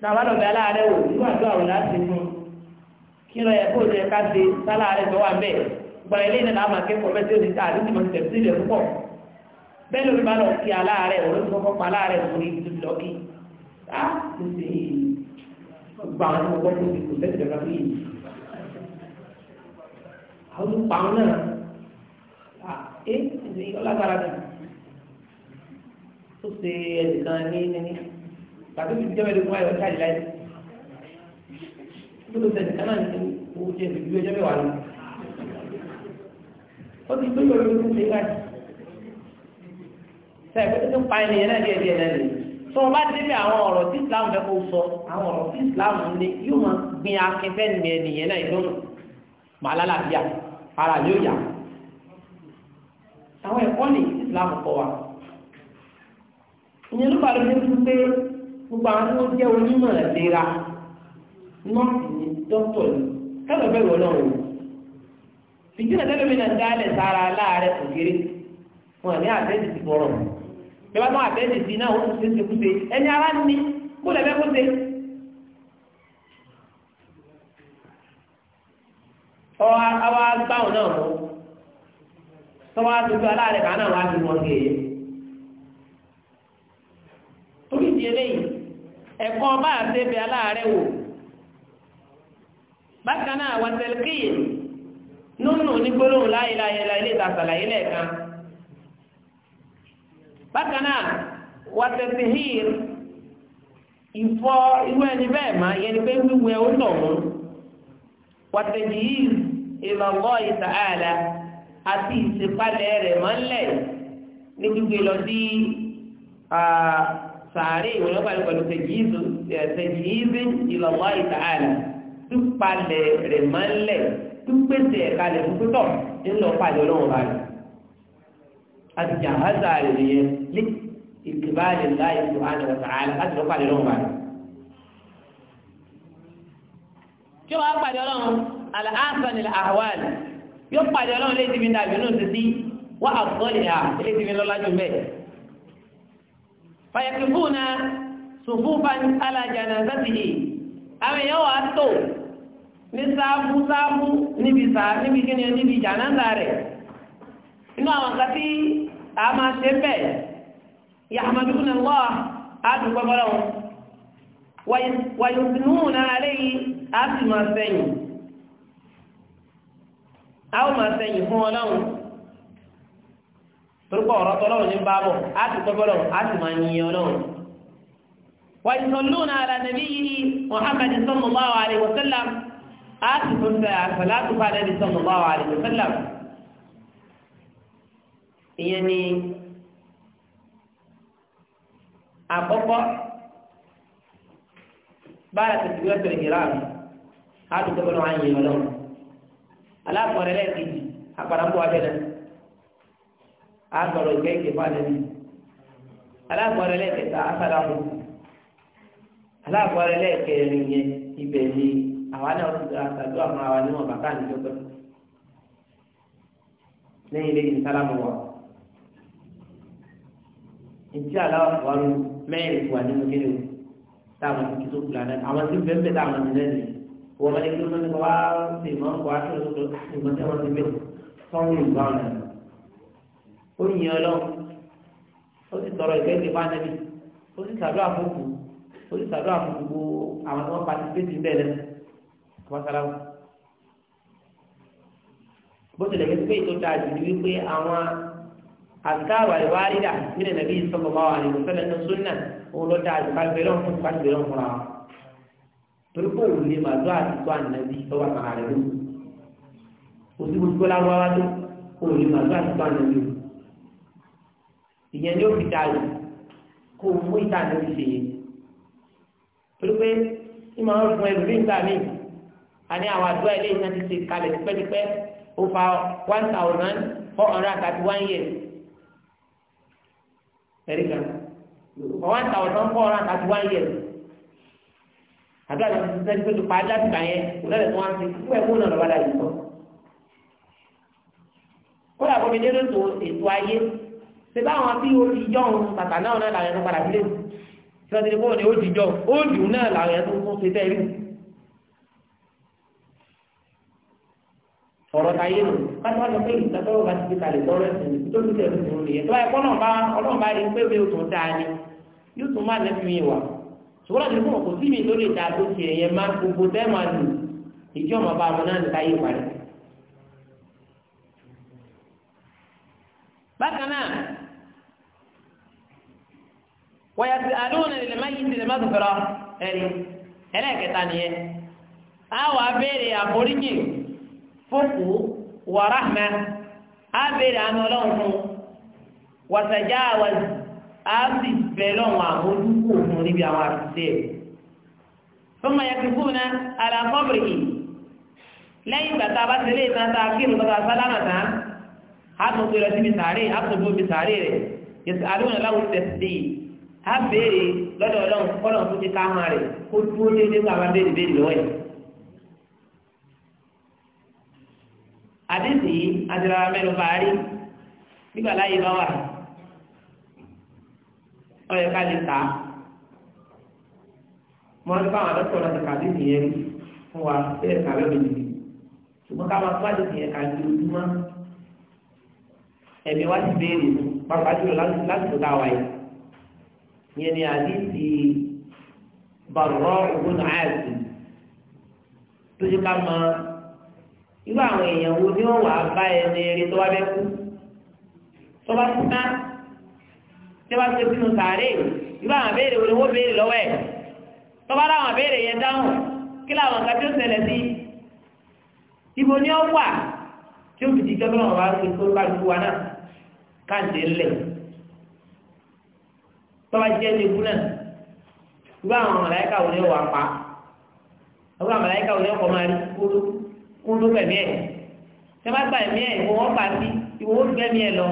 tàbá lọ́bẹ̀ aláàrẹ wò nígbà tó àwọn láti fún kí lọ yẹ kó o jẹ ká ṣe sálà rẹ tó wà ń bẹ gba ilé ìnáná àmà kẹ́kọ̀ọ́ bẹ́ẹ̀ tí ó ti ta àdúgbò mọ̀ tẹ̀ sí ilẹ̀ púpọ̀ bẹ́ẹ̀ lórí bá lọ kí aláàrẹ òun tó kọ́kọ́ pa aláàrẹ òun ní ibi tó kí á ti ṣe gba àwọn ọmọ gbọ́dọ̀ ẹ ọlágbára dẹ̀ ó ṣe ẹnìkan ní níní tàbí ti jẹ́wọ́ ẹ̀dẹ́gbọ́n ayọ̀ ṣáàjì láyé ó ló ṣe ẹnìkan náà ní owó jẹ́ ìdíjú ẹjọ́ mẹ́wàá lọ ó ti gbé yọ̀rọ̀ ló ń ṣe láyé sẹ́yìn pé tó ń pa ẹnìyẹn náà díẹ̀ díẹ̀ náà tó o bá débi àwọn ọ̀rọ̀ tí Islam fẹ́ kó sọ àwọn ọ̀rọ̀ tí Islam ní yóò máa gbin akẹ́fẹ́ nìyẹn náà ìdónù màálálàbíà ara yóò yà àwọn ẹ̀kọ́ ní Islam kọ́ wa ìyẹn ló bàlọ́ ní fún pé gbogbo àwọn tó jẹ́ onímọ̀ ìlera nọ́ọ̀sì ni dókítà ni kálọ̀ bẹ́ẹ̀ wọ́n náà wò fìdí náà tẹ́lẹ̀ mi náà dálẹ̀ sára láàárẹ̀ kò kéré wọn ní àtẹ́jì ti bọ̀rọ̀ bí wọ́n tán àtẹ́jì ti náà ó tún ṣe é ṣe kúṣe ẹni ara ní kó lẹ́fẹ́ kó ṣe ọ àwa gbáwọn náà mọ́ tọ́wọ́ àtúntò aláàrẹ̀ kan náà wá sí wọn sí èyí. torí ìdí eléyìí ẹ̀kọ́ bá a ṣe bẹ aláàrẹ̀ wò bákan náà wà tẹ̀lékìyè nínú onígbólóhùn láyéláyé ilé ìtàsàlàyé lẹ́ẹ̀kan bákan náà wà tẹ̀síhìr ìfọ irú ẹni bẹ́ẹ̀ máa yẹni pé wíwẹ̀ ó nọ̀ wọ́n wà tẹ̀síhìr ìlànà ìtàhálà. àti ìsèpalẹ̀ rẹ̀ mọ́lẹ̀ ní gbígbé lọ sí sàárè ìwọ̀n ọgbà pẹ̀lú tẹ̀jìízì ìlọ́wọ́ ìtàhálà túpalẹ̀ rẹ̀ mọ́lẹ̀ túpèsè ẹ̀ka lẹ̀ fúkútọ̀ ńlọ pàdé ọlọ́run bá rẹ̀ àti jàǹbáza rẹ̀ nìyẹn ní ìkìbáàlì láì tó àná ìtàhálà láti lọ pàdé ọlọ́run bá rẹ̀. kí wàá pàdé ọlọ́run àlàáfẹ́ ni yóò pàdé ọlọ́run léyìí tìbí dàbí nù títí wá àgọ́lì à léyìí tìbí lọ́lá jù mẹ́. fàyẹ̀kìfù náà sùfù fani alájà náà sátìyì àwọn èèyàn wà á tò ní sáfù sáfù níbi sá níbi kíni níbi ìjà náà sá rẹ̀ inú àwọn kan tí a máa ṣe bẹ́ẹ̀ yàhàmàdùkú náà wà á dùn gbọ́gbọ́rọ̀ wọn wàyùsùnmù náà lẹ́yìn á sì máa sẹ́yìn. a ó máa sẹ́yìn fún ọlọ́run torúkọ ọ̀rọ̀ tọ́lọ́run ní bábọ̀ á ti tọ́gbọ́dọ̀ á sì máa yin wa ويصلون على نبيه محمد صلى الله عليه وسلم آتف الصلاة على النبي wa الله عليه وسلم يعني àkọ́kọ́ bára tẹ̀síwẹ́sẹ̀ ìhìrán á ti tọ́gbọ́dọ̀ á yin ọlọ́run aláàpọ̀rẹ́ lẹ́ẹ̀kejì àpàràǹbọ̀ abẹ́rẹ́ àgbọ̀rọ̀ ìgbẹ́ ìgbẹ́ fún àdẹ́bí aláàpọ̀rẹ́ lẹ́ẹ̀kẹta àsàlámù aláàpọ̀rẹ́ lẹ́ẹ̀kẹrin yẹn ibẹ̀ ni àwa náà ti gba àtàdó àwọn àwa níwọ̀n bàtà níjọba lẹ́yìn lẹ́yìn sálámù wa ntí aláwọ̀ fọ́ọ̀rù mẹ́rin fún wa nínú kéde o táwọn ti kí tó kula náà àwọn tí bẹ́ẹ̀ bẹ́ẹ̀ táwọn ti lẹ́yìn wọ́n máa ní kí wọ́n bá ṣe máa ń kọ́ aṣọ lọ́dọ̀ ìmọ̀ tí wọ́n ti bẹ̀rẹ̀ sọ́run ìgbà ọ̀nà ó yìn ọ́ lọ́wọ́ ó sì tọrọ ìfẹ́ ìdìbò ànábì ó sì ṣàdúrà fún òkú ó sì ṣàdúrà fún gbogbo àwọn tí wọ́n patisipéètì bẹ́ẹ̀ lẹ́nu kọ́sáláwù. bó tilẹ̀ fi pé ìtọ́jú àjùlù wípé àwọn àtàwà ìwárìdà nílẹ̀ nàbí sọ́kọ̀ bá wà ní súnà torí pé òun lè màdó àtìkọ́ ànábì ọwọ́ àtàrà rẹ̀ ló o sí gbogbo láwọn wá tó òun lè màdó àtìkọ́ ànábì o ìyẹn ni ó fi dà kó o mú ìta ànábì ṣe yẹn torí pé ìmọ̀ ọ̀rọ̀ fún ẹlòmíì nígbà míì àní àwọn àdúrà ilé iná ti ṣe kalẹ̀ tipẹ́tipẹ́ ó fa one thousand four hundred thirty one years ẹ̀rí kan one thousand four hundred thirty one years àdúrà yẹn ti sẹ́ni pé tó pa ajá tìgbà yẹn kò lẹ́lẹ̀ tó wá ń ṣe fún ẹ̀kú náà lọ́ba dàbí sọ. kódà bóbi dé lóṣù ètò ayé ṣe báwọn bí orí jọ̀hún bàtà náà náà làwọn ẹ̀rọ padà sílé tí wọ́n ti ní kóhùn ní òdì jọ òdì náà làwọn ẹ̀rọ tó ṣe tẹ́lẹ̀ ọ̀rọ̀ táyé nù kájọ́ lọ pé ìtàkọ́rọ̀ bá ti fi kalẹ̀ tọ́rọ̀ ẹ̀sìn tó ti tẹ̀lé ìṣòro nìyẹn tó bá ẹ̀kọ́ náà bá ọlọ́run bá rí o tún ṣùgbọ́n àti fún òkùnkùn mi lórí ìta tó ti ẹ̀yẹ máa gbogbo tẹ́ máa lù ìjọ ọmọ bá wọn náà nípa yìí parí. bákan náà wọ́yà sí àdúgbò nílẹ̀ má yìí nílẹ̀ má tó ẹ̀rí ẹlẹ́ẹ̀kẹta nìyẹn. a wà àforíjì fókù wà ráhmẹ́ a béèrè ọlọ́run fún wàsàjáwàsì á sì bẹ lọ́wọ́n àmójúkú òun níbi àwọn àṣìṣe ẹ̀. fún mayakikú náà alákọ́bìrì yìí lẹ́yìn ìgbà tá a bá tẹ̀lé ìtàn tá a kírun tó ta sálámà tán á tún pèrè síbi sàárè á tún bó bi sàárè rẹ̀ yẹsẹ̀ àdúgbò láwùjọ tẹ̀sí á béèrè lọ́dọ̀ ọlọ́run kọ́lọ́run tó ti ká hàn rẹ̀ kó dúró déédéé bá bá béèrè béèrè lọ́wọ́ yìí. àdéhùn yìí àti rárá mẹ́nu bá rí nígbà láyé bá wà ọyẹ ká lè ta mọ ní báwọn adọ́tọ̀ náà ti kà sí ìyẹn fún wa bẹ́ẹ̀ kà lọ́dọ̀ yìí ṣùgbọ́n ká máa fún àdéhùn yẹn kà ní ojúmọ́ ẹ̀mí wá ti béèrè pàápàá jùlọ láti tó dáwà yìí yẹn ni àdéhùn bàrọ̀ ògùn àyàtì tó ṣe ká máa irú àwọn èèyàn wo ni wọ́n wà á bá ẹni eré tó wá bẹ́ kú tó bá ti tán tí wọ́n ti sínú sàárè irú àwọn abéèrè wo ni wọ́n béèrè lọ́wọ́ ẹ̀ tọ́ba láwọn abéèrè yẹn dáhùn kí làwọn nǹkan tí ó ṣẹlẹ̀ sí ibo ni ó wà tí ó fi di jọ́ lọ́wọ́ wá sí kó kálukú wa náà káàdé ńlẹ̀ tọ́ba jẹ́ ní ikú náà irú àwọn màláíkà wo ni ó wà pa irú àwọn màláíkà wo ni máa rí kúndó kúndó pẹ̀mí ẹ̀ tẹ́ gbà ẹ̀mí ẹ̀ ìwọ̀n pa sí ìwọ̀n ó gbẹ̀mí ẹ̀ lọ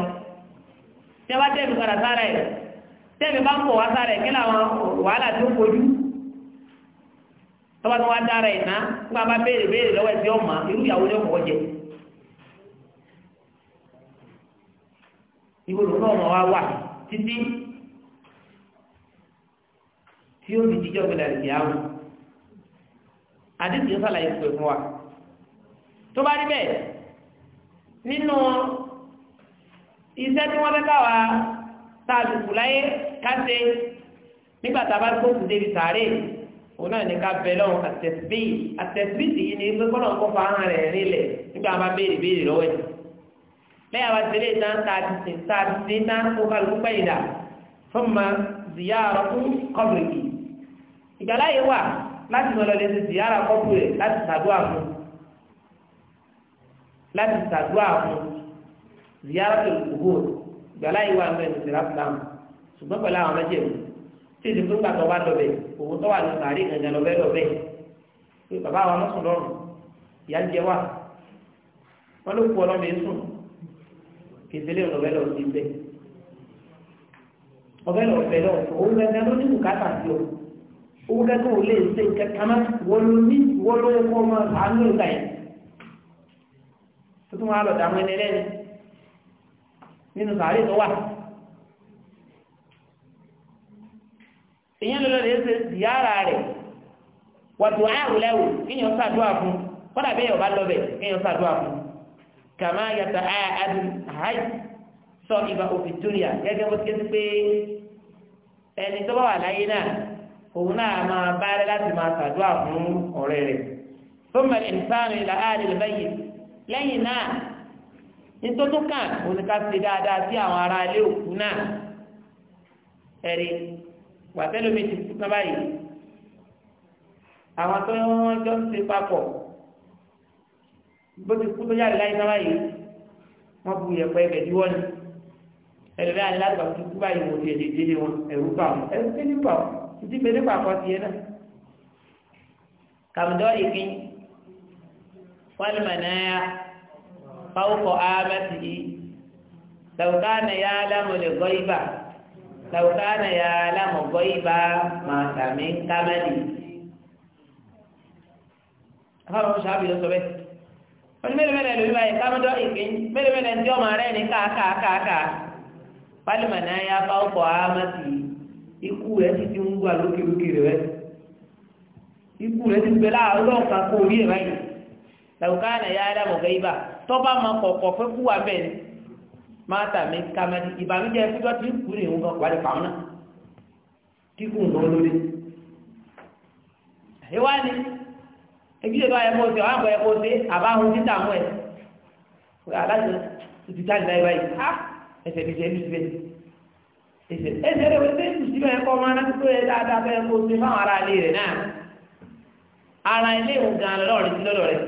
tí a bá tẹ́ẹ̀mì padà sára ẹ̀ tẹ́ẹ̀mì bá ń pọ̀ wá sára ẹ̀ kí làwọn wàhálà tó kojú tọ́ba tó wá dára ẹ̀ ná nígbà bá béèrè béèrè lọ́wọ́ ẹ̀ sí ọ̀ma irú ìyàwó ni ọ̀pọ̀ jẹ ìwòlò náà ọmọ wa wà títí tí ó di jíjọ́ gbẹ̀dẹ̀ àti àwọn àdéhùn sàlàyé pè wa tó bá rí bẹ́ẹ̀ nínú iṣẹ́ tí wọ́n fẹ́ káwa tá a lùkù láyé káṣe nígbà tá a bá tó kù débi sàárè òun náà ní ká bẹ lọ́wọ́ àtẹ̀síbí àtẹ̀síbí sì yí ni pé kọ́nà ń kọ́fà hàn rẹ̀ rílẹ̀ nígbà wọn bá béèrè béèrè lọ́wọ́ ẹ̀ lẹ́yìn àwọn tẹ̀lé náà tá a ti sìn tá a ti sìn náà kó kálukú pẹ́yìn dà fún ma ziyara fún kọ́bìrì ìgbàláyé wà láti mọ̀ lọ́lẹ́ sí kọ́bìrì láti sàdúà fún láti sàdúà fún ziyarati kubur gbala yi wa mẹ nisira filamu ṣùgbọ́n pẹ̀lú àwọn ọmọdé mi tí ìdí fún gbàtọ wa lọbẹ òun tọwà ní sàárì gàngàn lọbẹ lọbẹ pé bàbá wa mọ sùn lọ́rùn ìyá ń jẹ wa wọn ló kú ọlọmọ yẹn sùn kìsìlẹ lọbẹ lọ sí bẹ ọbẹ lọ bẹ lọ òun gàngàn ló ní bùkátà sí o òun gàngàn ò lè ṣe kankan má wọlé ní wọlé kọ́ ọmọ àánú ìgbà yẹn tuntun wa lọ dàmú ẹni lẹ́nu. nínú sàárè tó wà èyàn lọ́lọ́ lè ṣe ziyara rẹ̀ wàtò àrùlẹ́wò kéèyàn ṣàdúrà fún kọ́dà bẹ́ẹ̀ ọba lọ́bẹ̀ kéèyàn ṣàdúrà fún kàmá yàtà àádù àháì sọ ìbá òfìtúrìà gẹ́gẹ́ bó ti ké sí pé ẹni tó bá wà láyé náà òun náà máa bá rẹ láti máa ṣàdúrà fún ọ̀rẹ́ rẹ̀ tó mẹ́rin sáà ní nítorí kan òun ni ká ṣe dáadáa sí àwọn ará ilé òkú náà ẹ̀rí gbàtẹ́lómi ti kú tán báyìí àwọn tó ń wọ́n jọ ń ṣe papọ̀ bó ti kú tó yára láyé tán báyìí wọ́n bu ìyẹ̀pẹ̀ ẹ̀bẹ̀ díwọ́ ni ẹ̀rọ bẹ́ẹ̀ aláàbò àti kú báyìí wò ti ẹ̀dẹ̀ délé wọn ẹ̀rú bà wọn ẹ̀rú pé nípa wọn títí pé nípa àkọ́ tiẹ̀ náà kàmùdọ́ ìpín wọ́n lè mọ̀ fáwọ́kọ̀ ámẹ́tì yìí tàwùkánà يعلم lámù lè gọ́ يعلم tàwùkánà ما lámù gọ́ ibà máa tàmí kámẹ́lì. afáwọn oṣù àbí ló sọ bẹ́ẹ̀ wọ́n ní mẹ́rin mẹ́rin lórí báyìí kámẹ́dọ́ ìpín mẹ́rin mẹ́rin tí ọmọ rẹ̀ ní káàkáàkáà pálímà náà yà fáwọ́kọ̀ ámẹ́tì ikú rẹ̀ ti ti ń gbà lókèlókè rẹ̀ ikú rẹ̀ ti gbẹ láàárọ̀ kan kó orí ẹ̀ báyìí tàwùkánà yà lámù gọ́ ibà tọ́ba máa kọ̀ọ̀kọ̀ fẹ́ kú wa bẹ́ẹ̀ ni máa tà mí kàmẹ́tì ìbànújẹ́ fúdọ́ ti ń kú ní ìhun kan wà lè fà wọn náà kíkún lọ lórí. ìwá ni ebi ìlú ayẹwo ṣe àwọn àgbẹ̀yẹwo ṣe àbáhun títà mú ẹ̀ aláṣẹ títà ìlà ìwà yìí á ẹsẹ̀ mi ṣe lùsí bẹ́ẹ̀ ẹsẹ̀ ẹsẹ̀ rẹ̀ wọ́n ṣe lùsí bẹ́ẹ̀ kọ́ ọmọ aláṣẹ yẹ dáadáa bẹ́ẹ̀ kó ṣe fáwọn ará ilé rẹ̀ náà ara ilé ìhun gan lọ́rọ̀ rẹ̀ sí lọ́dọ̀ rẹ̀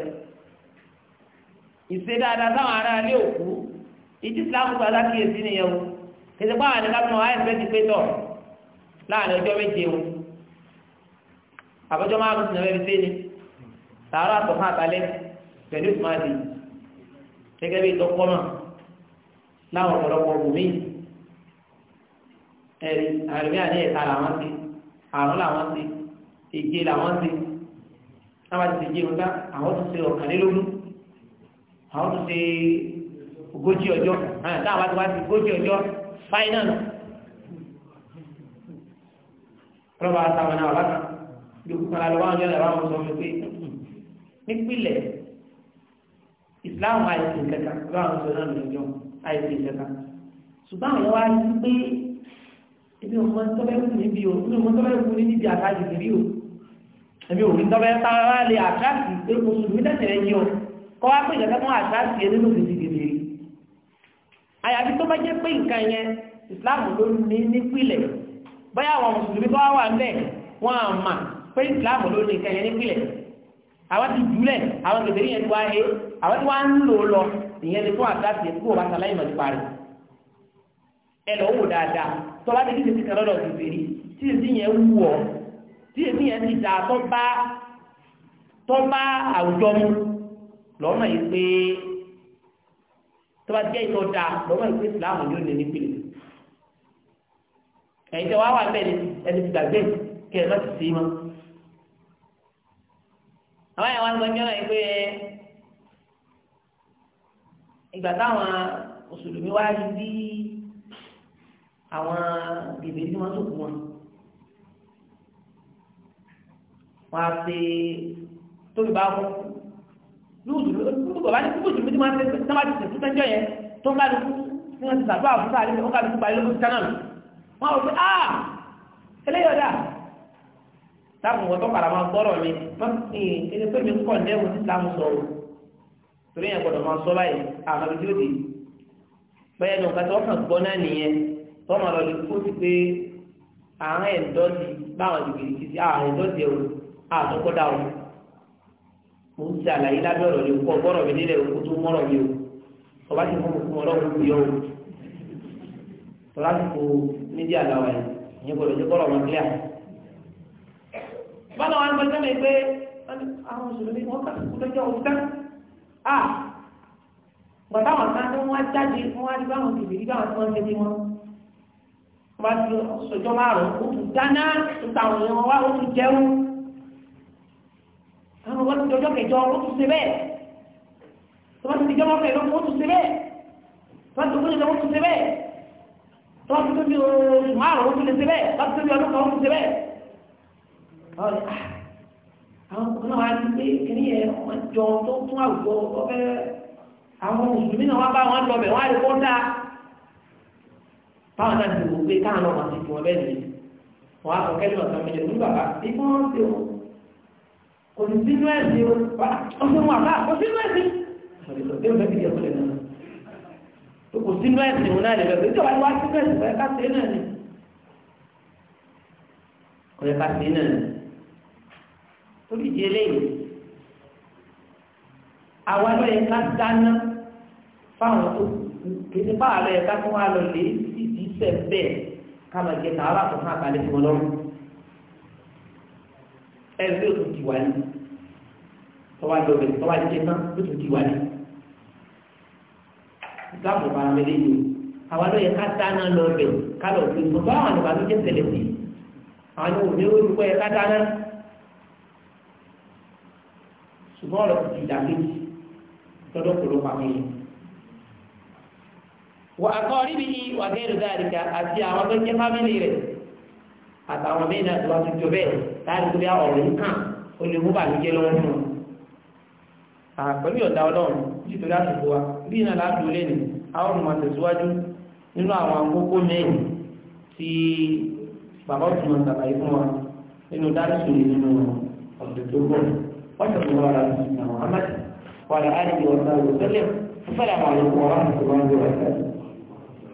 ìṣe dáadáa sáwọn ará ilé òkú ìdí islam gba lákìyèsí nìyẹn o kìsì pàwọn àti kápẹ́ wọn àìsàn ti pé tọ̀ láàrin ọjọ́ méje o àbọ̀jọ́ máa ń sìn ẹ̀rọ ìṣe ni sàárọ̀ àtọ̀fún àtàlẹ́ pẹ̀lú ìsúmáàdì gẹ́gẹ́ bí ìtọ́kọ́mà láwọn ọ̀pọ̀lọpọ̀ ọ̀gbìn mi ẹ̀rí àrùmí àní ẹ̀ta làwọn ti àrùn làwọn ti èjé làwọn ti láwọn ti ti jẹun ká àwọn ti ṣe ọ̀kànlélógún àwọn tó ṣe ogójì ọjọ́ táwọn bá ti wá sí ogójì ọjọ́ fáínàlì rọ́bà àtàwọn náà wàlá yòókù kan lọ́wọ́ àwọn yọ̀ọ̀lẹ̀ báwọn sọ fún mi pé hmm, nípìnlẹ̀ ìsìláàmù àìsàn kankan báwọn sọ náà lọ́jọ́ àìsàn kankan ṣùgbọ́n àwọn wá sí pé ebi ọmọ tọ́bẹ̀ kù níbi o ebi ọmọ tọ́bẹ̀ kù níbi àtàjù níbi o ebi òfin tọ́bẹ̀ tá a lè àkáàtì pé oṣù mi tẹ̀sẹ̀ yẹ kọ́ wá pé ìjọba kan àṣáàtì yẹn nínú òfin ti gèdè àyàfi tó bá jẹ́ pé nǹkan yẹn Islam ló ní nípìlẹ̀ bóyá àwọn mùsùlùmí tó wá wà ń bẹ̀ wọ́n á mà pé Islam ló ní nǹkan yẹn nípìlẹ̀ àwọn ti jùlẹ̀ àwọn kẹfẹ́rí yẹn ti wá he àwọn ti wá ń lò lọ ìyẹn ni fún àṣà tiẹ̀ kó o bá sàlàyé mọ̀ nípa rẹ̀ ẹ lọ wò dáadáa tó bá débi tètè kan lọ́dọ̀ kẹfẹ́rí tí èsì yẹn wù ọ́ tí ti dà àwùjọ mu lọ́nà yìí pé tó bá jẹ́ ìtọ́ da lọ́nà yìí pé Islam yóò lè ní pèlè ẹ̀yin tẹ́ wá wà bẹ́ẹ̀ ni ẹni ti gbàgbé kí ẹ lọ́ọ̀tì sí mọ́ àwọn yẹn wá ń gbọ́njọ́ náà yìí pé ìgbà táwọn mùsùlùmí wá rí bí àwọn bèbè tí wọ́n sòkù wọn wọ́n á ṣe tóbi bá wọn lóòdù bàbá ní kúkú jùlọ tí wọ́n ti tẹ́ wọ́n ti tẹ̀ fúnjọ yẹn tó ń bá lóko fún wọn ti sàdúrà fún sáà lẹ́yìn ọkà lóko balẹ̀ lóko tánà wọn ò fi á ah! eléyọ̀dà táwọn ọ̀tọ́ paramá gbọ́rọ̀ mi ẹni pé mi ń kọ̀ lẹ́wọ̀n tí islam sọ̀rọ̀ torí yẹn gbọ́dọ̀ máa sọ báyìí àmọ́ ojú òde bẹ́ẹ̀ ni nǹkan tí wọ́n kàn gbọ́ náà nìyẹn tó máa lọ lè kó sí pé àárín ẹ̀dọ́ ti báwọn ìgbèrè ti sí àárín ẹ̀dọ́ ti ẹ̀wọ̀n àtọ́kọ́dá ọ̀hún mo ń ṣe àlàyé lábẹ́ ọ̀rọ̀ yìí kọ́ ọgbọ́rọ̀ mi nílẹ̀ òkú tó mọ́rọ̀ mi o ọba ti fún òkú ọlọ́run kú yọ o tọ́lá ti kú níbi àdáwà yìí ìyẹn gbọ́dọ̀ jẹ́ kọ́rọ̀ ọmọ kílíà. báwo wá ń gbọ́dọ̀ mi pé àwọn mùsùlùmí wọn kà kú lọ́jọ́ òkúta à gbọ̀dọ̀ àwọn kan tó wọ́n jáde wọ́n á di báwọn kìbìrì báwọn tó wọ́n ṣe bí wọn wọ́n bá ti sọjọ́ márùn-ún ó tún dáná ó tún tàwọn èèyàn wá ó tún jẹun àwọn ọmọ ti dọjọ́ kẹjọ ó tún ṣe bẹ́ẹ̀ tọ́wọ́ ti dọjọ́ kẹjọ ó tún ṣe bẹ́ẹ̀ tọ́wọ́ ti dọjọ́ kẹjọ ó tún ṣe bẹ́ẹ̀ tọ́wọ́ ti tóbi oṣù márùn-ún ó tún lè ṣe bẹ́ẹ̀ tọ́wọ́ ti tóbi ọdún kan ó tún ṣe bẹ́ẹ̀. Ah, àwọn ọmọ náà wá ní pé kìnní yẹn wọ́n jọ tó tún àwùjọ ọbẹ̀ àwọn mùsùlùmí náà wá bá wọn lọ bẹ̀ wọ́n á rí kọ́ńtà báwọn náà ti wò pé káwọn náà wọ́n ti fi wọn bẹ́ẹ̀ nìyí wọ́n á sọ kẹ́lí kò ní sínú ẹ̀sìn o ọdún wà bá kò sínú ẹ̀sìn kò sínú ẹ̀sìn òun náà lè bẹ̀rẹ̀ tí wọ́n wá sínú ẹ̀sìn kò yẹ ká sí náà ni kò yẹ ká sí náà ni torí ìdí eléyìí àwa ló yẹ ká dáná fáwọn tó kéde báwa ló yẹ ká fún wa lọ lè sí ìdí sẹ̀ bẹ́ẹ̀ ká máa jẹ tààrà tó fún àkàlẹ̀ fún ọlọ́run ẹgbẹ́ òtún ti wà ní tọ́wá lọ́bẹ̀ tọ́wá jẹ́ náà ló tún ti wà ní. ìgbàgbọ́ bá mi lé yìí àwọn lóye ká dáná lọ́bẹ̀ ká lọ sí ìgbọ́ báwọn àlùbá ló jẹ́ tẹ̀lé sí àwọn ní òní ó dúpọ̀ yẹ ká dáná. ṣùgbọ́n ọ̀rọ̀ ti dà méjì lọ́dọ̀ kòló pàmì yìí. wà á kọ́ rí bí wàgẹ́rù dáadìka àti àwọn tó jẹ́ fámìlì rẹ̀ àtàwọn míì náà tó bá tún jọ bẹ́ẹ̀ láti tó bí ọ̀rọ̀ yìí kàn ó lè mú bàlújẹ́ lọ́wọ́ fún un. àpẹẹrẹ ọ̀dà ọlọ́run nítorí àsìkò wa bí iná láti olé ni àwọn ọmọ tẹ̀síwájú nínú àwọn akókó mẹ́rin tí bàbá òtún wọn sàlàyé fún wa nínú dárísù nínú ọ̀sẹ̀ tó bọ̀ wọ́n tẹ̀sí wọn lára sí ìgbà wọn amẹ́tì wọn lára àdìgbò ọ̀sán ìwòsẹ́lẹ̀ àwọn àlòkù ọ̀rọ̀ àti ìwọ̀n ìwọ̀n